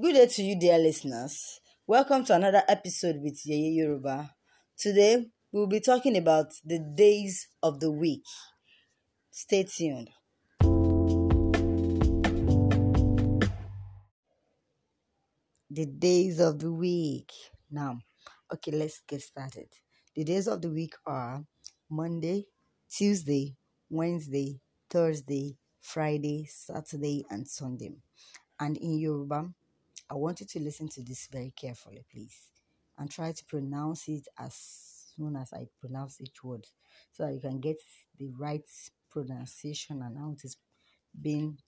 Good day to you, dear listeners. Welcome to another episode with Yeye Yoruba. Today, we'll be talking about the days of the week. Stay tuned. The days of the week. Now, okay, let's get started. The days of the week are Monday, Tuesday, Wednesday, Thursday, Friday, Saturday, and Sunday. And in Yoruba, I want you to listen to this very carefully, please, and try to pronounce it as soon as I pronounce each word so that you can get the right pronunciation and how it is being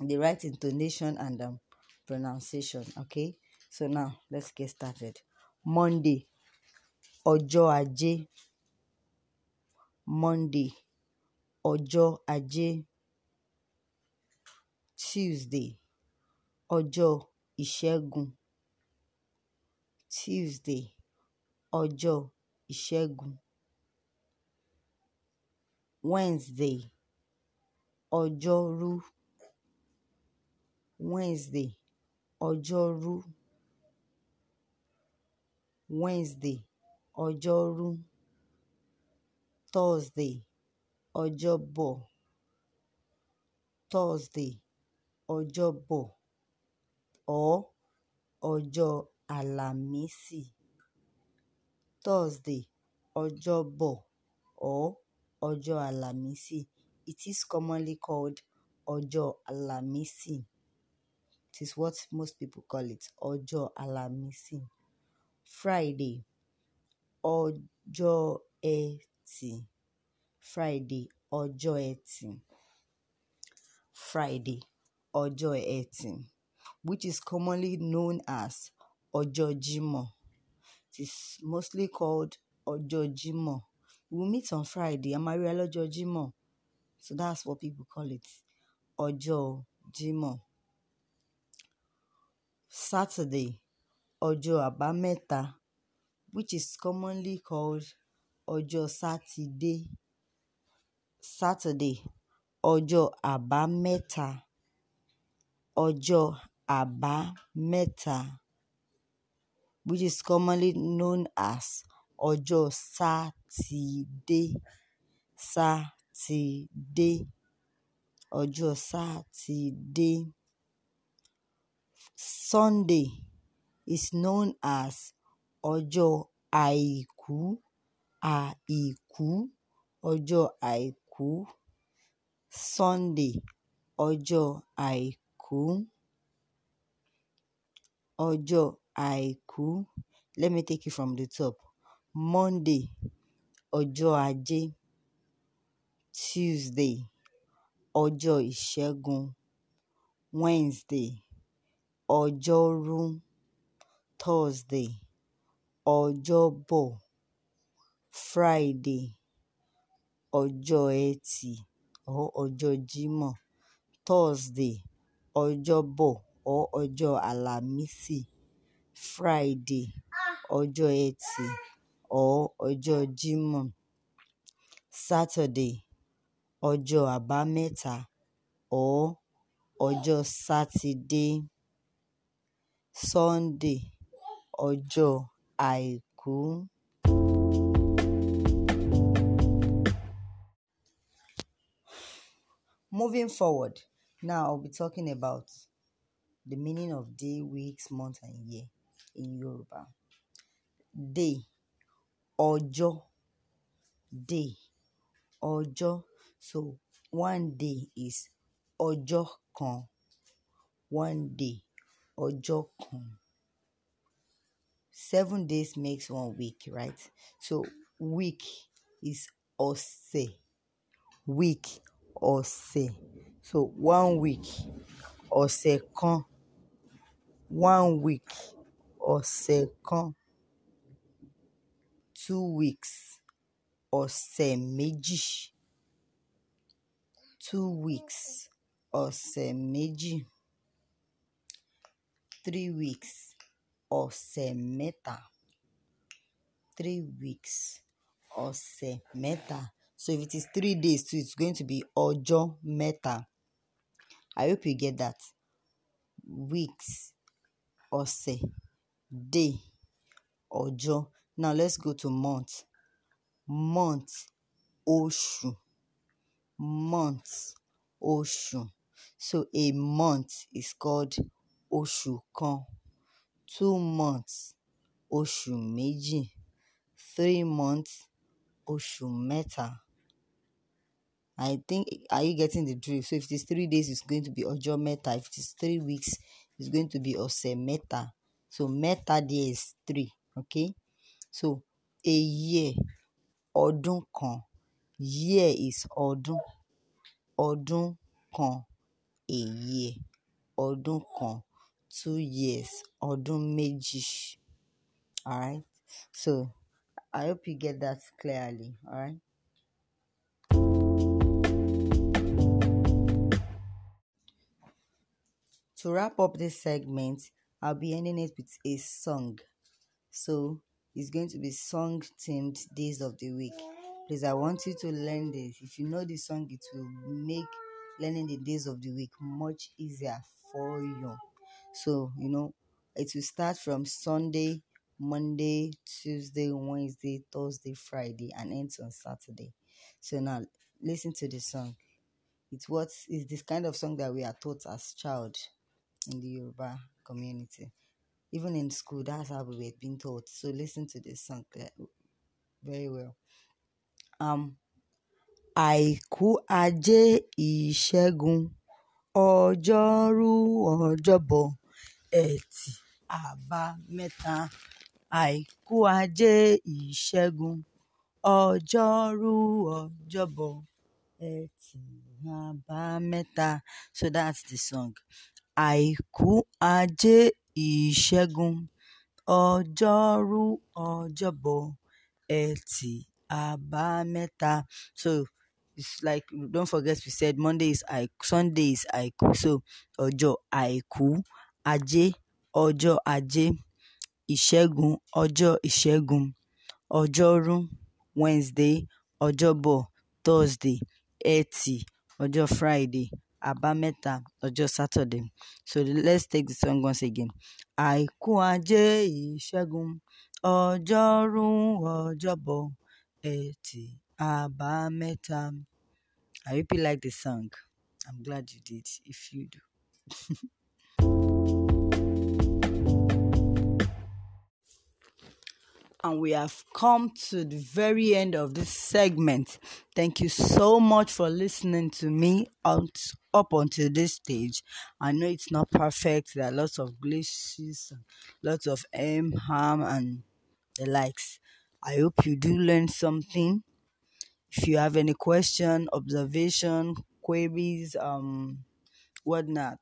the right intonation and um, pronunciation. Okay, so now let's get started. Monday, Ojo Aje. Monday, Ojo Aje. Tuesday, Ojo ìṣẹ́gun Tuesday ọjọ́ ìṣẹ́gun Wednesday ọjọ́rú Wednesday ọjọ́rú Wednesday ọjọ́rú Thursday ọjọ́bọ̀ Thursday ọjọ́bọ̀ or ọjọ́ alamisi Thursday, Ọjọ́bọ̀ or ọjọ́ alamisi It is commonly called ọjọ́ alamisi. It is what most people call it, ọjọ́ alamisi. Friday, ọjọ́ ẹtì, Friday, ọjọ́ ẹtì, Friday, ọjọ́ ẹtì. which is commonly known as Ọjọ́ Jímọ̀. It is mostly called Ọjọ́ Jímọ̀. We'll meet on Friday. Amaria lọ́jọ́ Jímọ̀. So that's what people call it. Ọjọ́ Jímọ̀. Saturday, Ọjọ́ Àbámẹ́ta, which is commonly called Ọjọ́ Saturday. Saturday, Ọjọ́ Àbámẹ́ta. Ọjọ́ Abba Àbámẹ́ta which is commonly known as ọjọ́ Sátidé. Sátidé. Ọjọ́ Sátidé. Sunday is known as ọjọ́ Àìkú. Àìkú. Ọjọ́ Àìkú. Sunday. Ọjọ́ Àìkú ọjọ́ àìkú, let me take it from the top. Monday, ọjọ́ ajé. Tuesday, ọjọ́ ìṣẹ́gun. Wednesday, ọjọ́rú. Thursday, ọjọ́bọ̀. Friday, ọjọ́ ẹtì or ọjọ́ Jímọ̀. Thursday, ọjọ́bọ̀. or ọjọ́ alamisi Friday, ọjọ́ Ẹtì or ọjọ́ Jímọ̀, Saturday, ọjọ́ Àbámẹ́ta or ọjọ́ Sátidé, Sunday, ọjọ́ Àìkú. Moving forward, now I'll be talking about the meaning of day, weeks, month, and year in Yoruba. Day, ọjọ́, day, ọjọ́. So one day is ọjọ́ kan. One day, ọjọ́ kan. Seven days makes one week, right? So week is ọ̀sẹ̀. Week, ọ̀sẹ̀. So one week, ọ̀sẹ̀ kan. one week, ọ̀sẹ̀ kan. two weeks, ọ̀sẹ̀ méjì. two weeks, ọ̀sẹ̀ méjì. three weeks, ọ̀sẹ̀ mẹ́ta. three weeks, ọ̀sẹ̀ mẹ́ta. So if it is three days too, it's going to be ọjọ́ mẹ́ta. I hope you get that. Weeks ọ̀sẹ̀, day, ọjọ́. Now let's go to month. Month, oṣù. Month, oṣù. So a month is called oṣù kan. Two months, oṣù méjì. Three months, oṣù mẹ́ta. I think, are you getting the drift? So if it is three days, it's going to be ọjọ́ mẹ́ta. If it is three weeks, is going to be ọ̀sẹ̀ mẹ́ta. So mẹ́ta there is three. Okay. So a year ọdún kan. Year is ọdún. Ọdún kan a year. Ọdún kan. Two years. Ọdún méjì. Alright. So I hope you get that clearly. Alright. to wrap up this segment, I'll be ending it with a song. So it's going to be song themed days of the week. Please, I want you to learn this. If you know the song, it will make learning the days of the week much easier for you. So, you know, it will start from Sunday, Monday, Tuesday, Wednesday, Thursday, Friday, and ends on Saturday. So now listen to the song. It's what is this kind of song that we are taught as child in the Yoruba community. Even in school, that's how we were being taught. So listen to this song eh, very well. Um, àìkú ajé ìṣẹ́gun ọjọ́rú ọjọ́bọ̀ ẹtì àbámẹ́ta àìkú ajé Ojoru Ojobo Eti Aba Meta. so that's the song àìkú ajé ìṣẹ́gun ọjọ́rú ọjọ́bọ̀ ẹtì àbámẹ́ta so it's like don't forget we said monday is àìkú sunday is àìkú so ọjọ́ àìkú ajé ọjọ́ ajé ìṣẹ́gun ọjọ́ ìṣẹ́gun ọjọ́rú wednesday ọjọ́bọ̀ thursday ẹtì ọjọ́ friday àbámẹ́ta ọjọ́ Saturday. So let's take the song once again. Àìkú ajé ìṣẹ́gun ọjọ́rùú ọjọ́bọ̀ ẹtì àbámẹ́ta. I hope you like the song. I'm glad you did. If you do. and we have come to the very end of this segment. Thank you so much for listening to me up until this stage. I know it's not perfect. There are lots of glitches, lots of aim, harm, and the likes. I hope you do learn something. If you have any question, observation, queries, um, whatnot,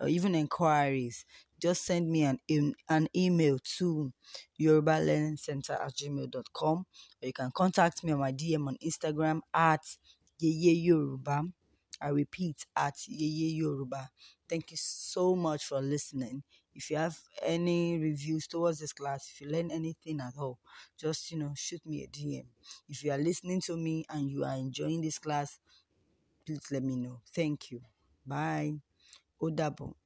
or even inquiries, just send me an, an email to Yoruba Learning Center at gmail.com or you can contact me on my DM on Instagram at Yeye Yoruba. I repeat, at Yeye Yoruba. Thank you so much for listening. If you have any reviews towards this class, if you learn anything at all, just you know, shoot me a DM. If you are listening to me and you are enjoying this class, please let me know. Thank you. Bye. Ó